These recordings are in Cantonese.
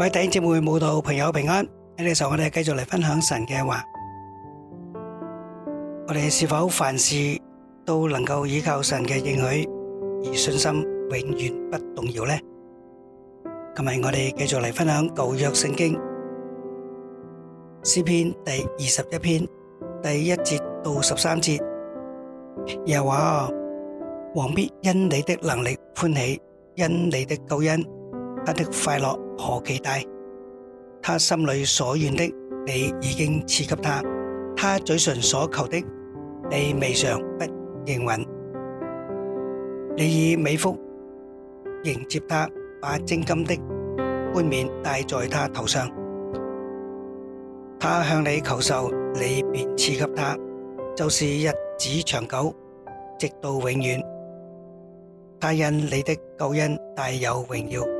各位弟兄姊妹，慕道朋友平安。喺呢度，我哋繼續嚟分享神嘅話。我哋是否凡事都能夠倚靠神嘅應許而信心永遠不動搖呢？今日我哋繼續嚟分享舊約聖經詩篇第二十一篇第一節到十三節，又話：王必因你的能力歡喜，因你的救恩，他的快樂。何其大！他心裏所願的，你已經賜給他；他嘴唇所求的，你未嘗不應允。你以美福迎接他，把精金的冠冕戴在他頭上。他向你求壽，你便賜給他，就是日子長久，直到永遠。他因你的救恩大有榮耀。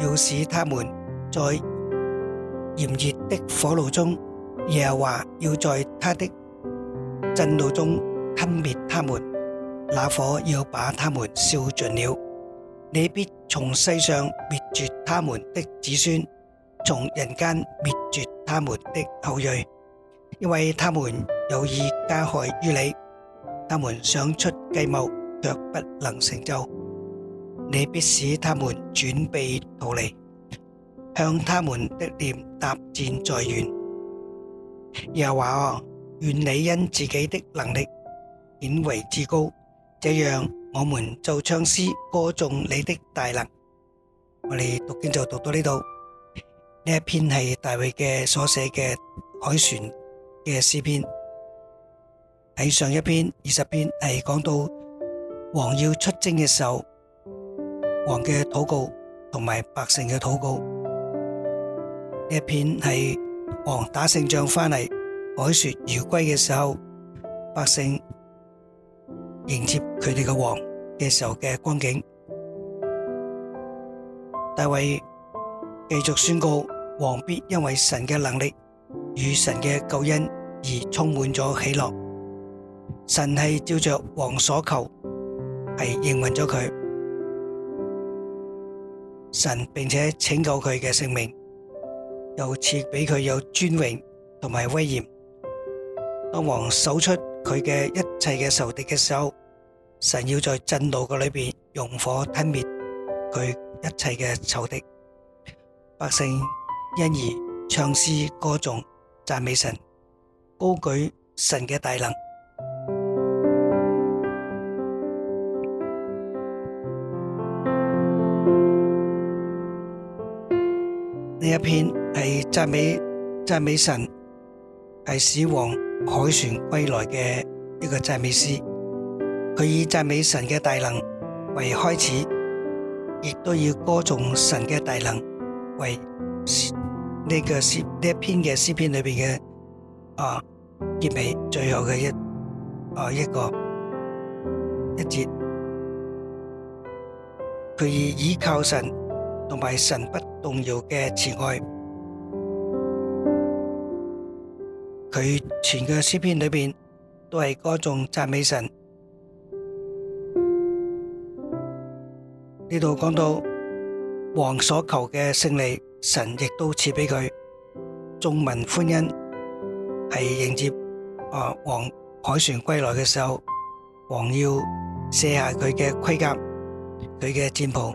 要使他們在炎熱的火爐中，耶和華要在他的震怒中吞滅他們，那火要把他們燒盡了。你必從世上滅絕他們的子孫，從人間滅絕他們的後裔，因為他們有意加害於你，他們想出計謀，卻不能成就。.你必使他們轉背逃離，向他們的臉搭箭在遠。又話，我願你因自己的能力顯為至高，這樣我們就唱詩歌頌你的大能。我哋讀經就讀到呢度，呢一篇係大衛嘅所寫嘅凱旋嘅詩篇。喺上一篇二十篇係講到王要出征嘅時候。王嘅禱告同埋百姓嘅禱告，呢一篇係王打勝仗翻嚟，凱旋而歸嘅時候，百姓迎接佢哋嘅王嘅時候嘅光景。大衛繼續宣告：王必因為神嘅能力與神嘅救恩而充滿咗喜樂。神係照着王所求，係應允咗佢。神並且拯救佢嘅性命，又賜俾佢有尊榮同埋威嚴。當王搜出佢嘅一切嘅仇敵嘅時候，神要在震怒嘅裏邊用火吞滅佢一切嘅仇敵。百姓因而唱詩歌頌讚美神，高舉神嘅大能。呢一篇係讚美讚美神，係使皇凱旋歸來嘅一個讚美詩。佢以讚美神嘅大能為開始，亦都要歌頌神嘅大能為呢、這個詩呢一篇嘅詩篇裏邊嘅啊結尾最後嘅一啊一個一節。佢以倚靠神，同埋神不動搖嘅慈愛，佢全個詩篇裏面都係歌頌讚美神。呢度講到王所求嘅勝利，神亦都賜俾佢。眾民歡欣，係迎接啊王凱旋歸來嘅時候，王要卸下佢嘅盔甲，佢嘅戰袍。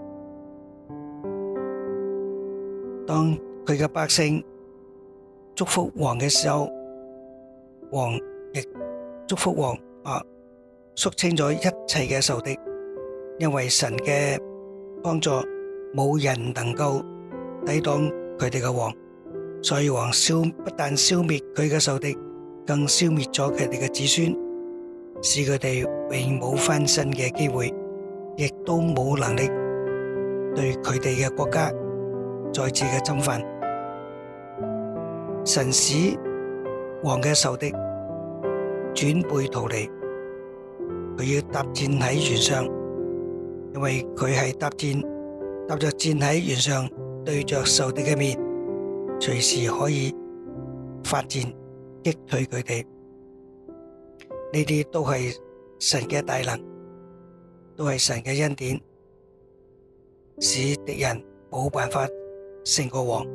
當佢嘅百姓祝福王嘅時候，王亦祝福王啊，肅清咗一切嘅仇敵，因為神嘅幫助冇人能夠抵擋佢哋嘅王，所以王消不但消滅佢嘅仇敵，更消滅咗佢哋嘅子孫，使佢哋永冇翻身嘅機會，亦都冇能力對佢哋嘅國家。再次嘅侵犯，神使王嘅仇敵轉背逃離，佢要搭箭喺弦上，因為佢係搭箭，搭着箭喺弦上，對着仇敵嘅面，隨時可以發箭擊退佢哋。呢啲都係神嘅大能，都係神嘅恩典，使敵人冇辦法。成個王，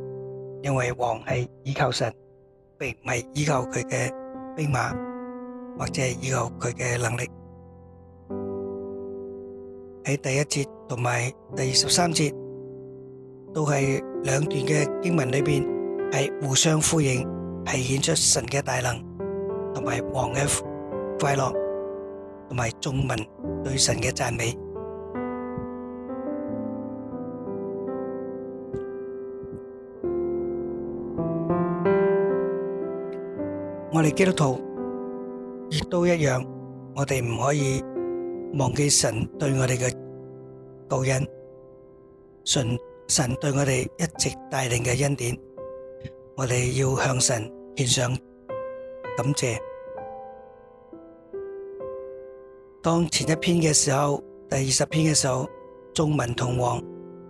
因為王係依靠神，並唔係依靠佢嘅兵馬或者係依靠佢嘅能力。喺第一節同埋第十三節，都係兩段嘅經文裏邊，係互相呼應，係顯出神嘅大能，同埋王嘅快樂，同埋眾民對神嘅讚美。我哋基督徒亦都一樣，我哋唔可以忘記神對我哋嘅救恩，信神對我哋一直帶領嘅恩典，我哋要向神獻上感謝。當前一篇嘅時候，第二十篇嘅時候，眾民同王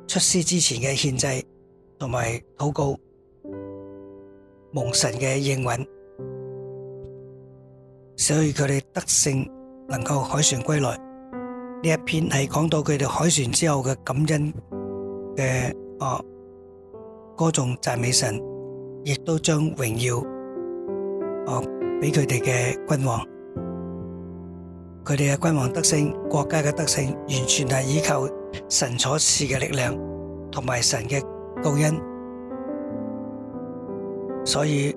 出師之前嘅獻祭同埋禱告，蒙神嘅應允。所以佢哋得勝，能夠凱旋歸來。呢一篇係講到佢哋凱旋之後嘅感恩嘅，啊，歌頌讚美神，亦都將榮耀，哦，俾佢哋嘅君王，佢哋嘅君王得勝，國家嘅得勝，完全係依靠神所賜嘅力量，同埋神嘅高恩。所以。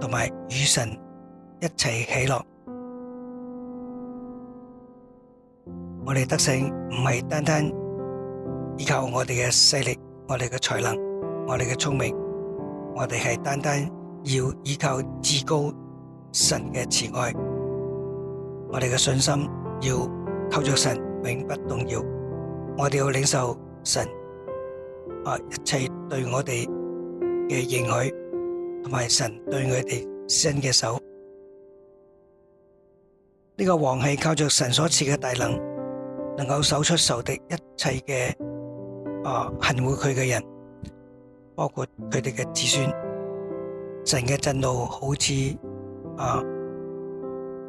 同埋與神一齊喜樂。我哋得勝唔係單單依靠我哋嘅勢力，我哋嘅才能，我哋嘅聰明，我哋係單單要依靠至高神嘅慈愛，我哋嘅信心要靠着神永不動搖，我哋要領受神啊一切對我哋嘅應許。同埋神對佢哋伸嘅手，呢、這個王係靠着神所賜嘅大能，能夠掃出仇敵一切嘅啊恨侮佢嘅人，包括佢哋嘅子孫。神嘅震怒好似啊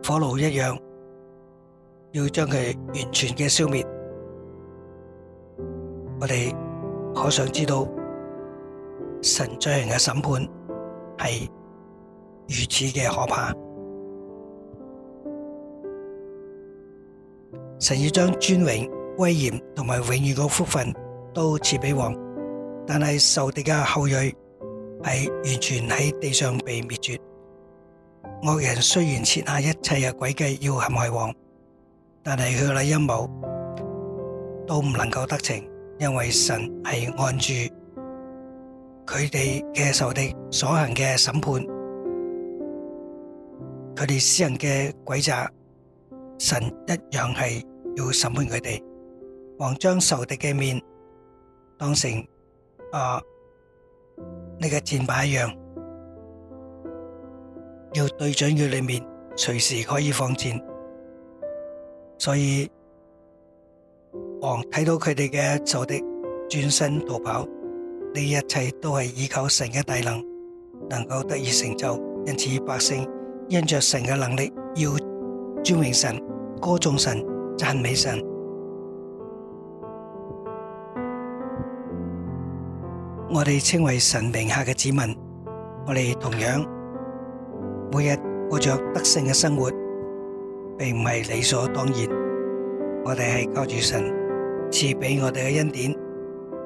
火爐一樣，要將佢完全嘅消滅。我哋可想知道神進行嘅審判。係如此嘅可怕，神要將尊榮、威嚴同埋永遠嘅福分都賜俾王，但係受敵嘅後裔係完全喺地上被滅絕。惡人雖然設下一切嘅詭計要陷害王，但係佢嘅陰謀都唔能夠得逞，因為神係按住。佢哋嘅仇敵所行嘅審判，佢哋私人嘅詭詐，神一樣係要審判佢哋。王將仇敵嘅面當成啊呢、那個戰靶一樣，要對準佢裏面，隨時可以放箭。所以王睇到佢哋嘅仇敵轉身逃跑。呢一切都係依靠神嘅大能，能夠得以成就。因此，百姓因着神嘅能力，要尊榮神、歌頌神、讚美神。我哋稱為神名下嘅子民，我哋同樣每日過着得勝嘅生活，並唔係理所當然。我哋係靠住神賜俾我哋嘅恩典。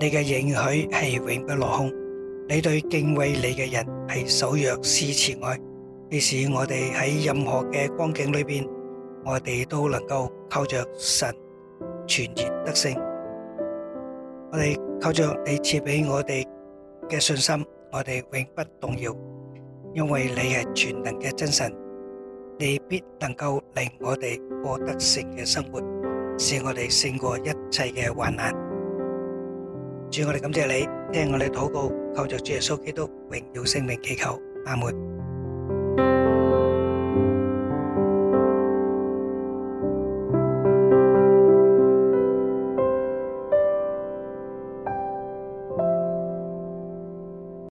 你嘅應許係永不落空，你對敬畏你嘅人係守約施慈愛，使我哋喺任何嘅光景裏邊，我哋都能夠靠着神全然得勝。我哋靠着你賜俾我哋嘅信心，我哋永不動搖，因為你係全能嘅真神，你必能夠令我哋過得勝嘅生活，使我哋勝過一切嘅患難。主，我哋感謝你，聽我哋禱告，靠着主耶穌基督榮耀聖名祈求，阿門。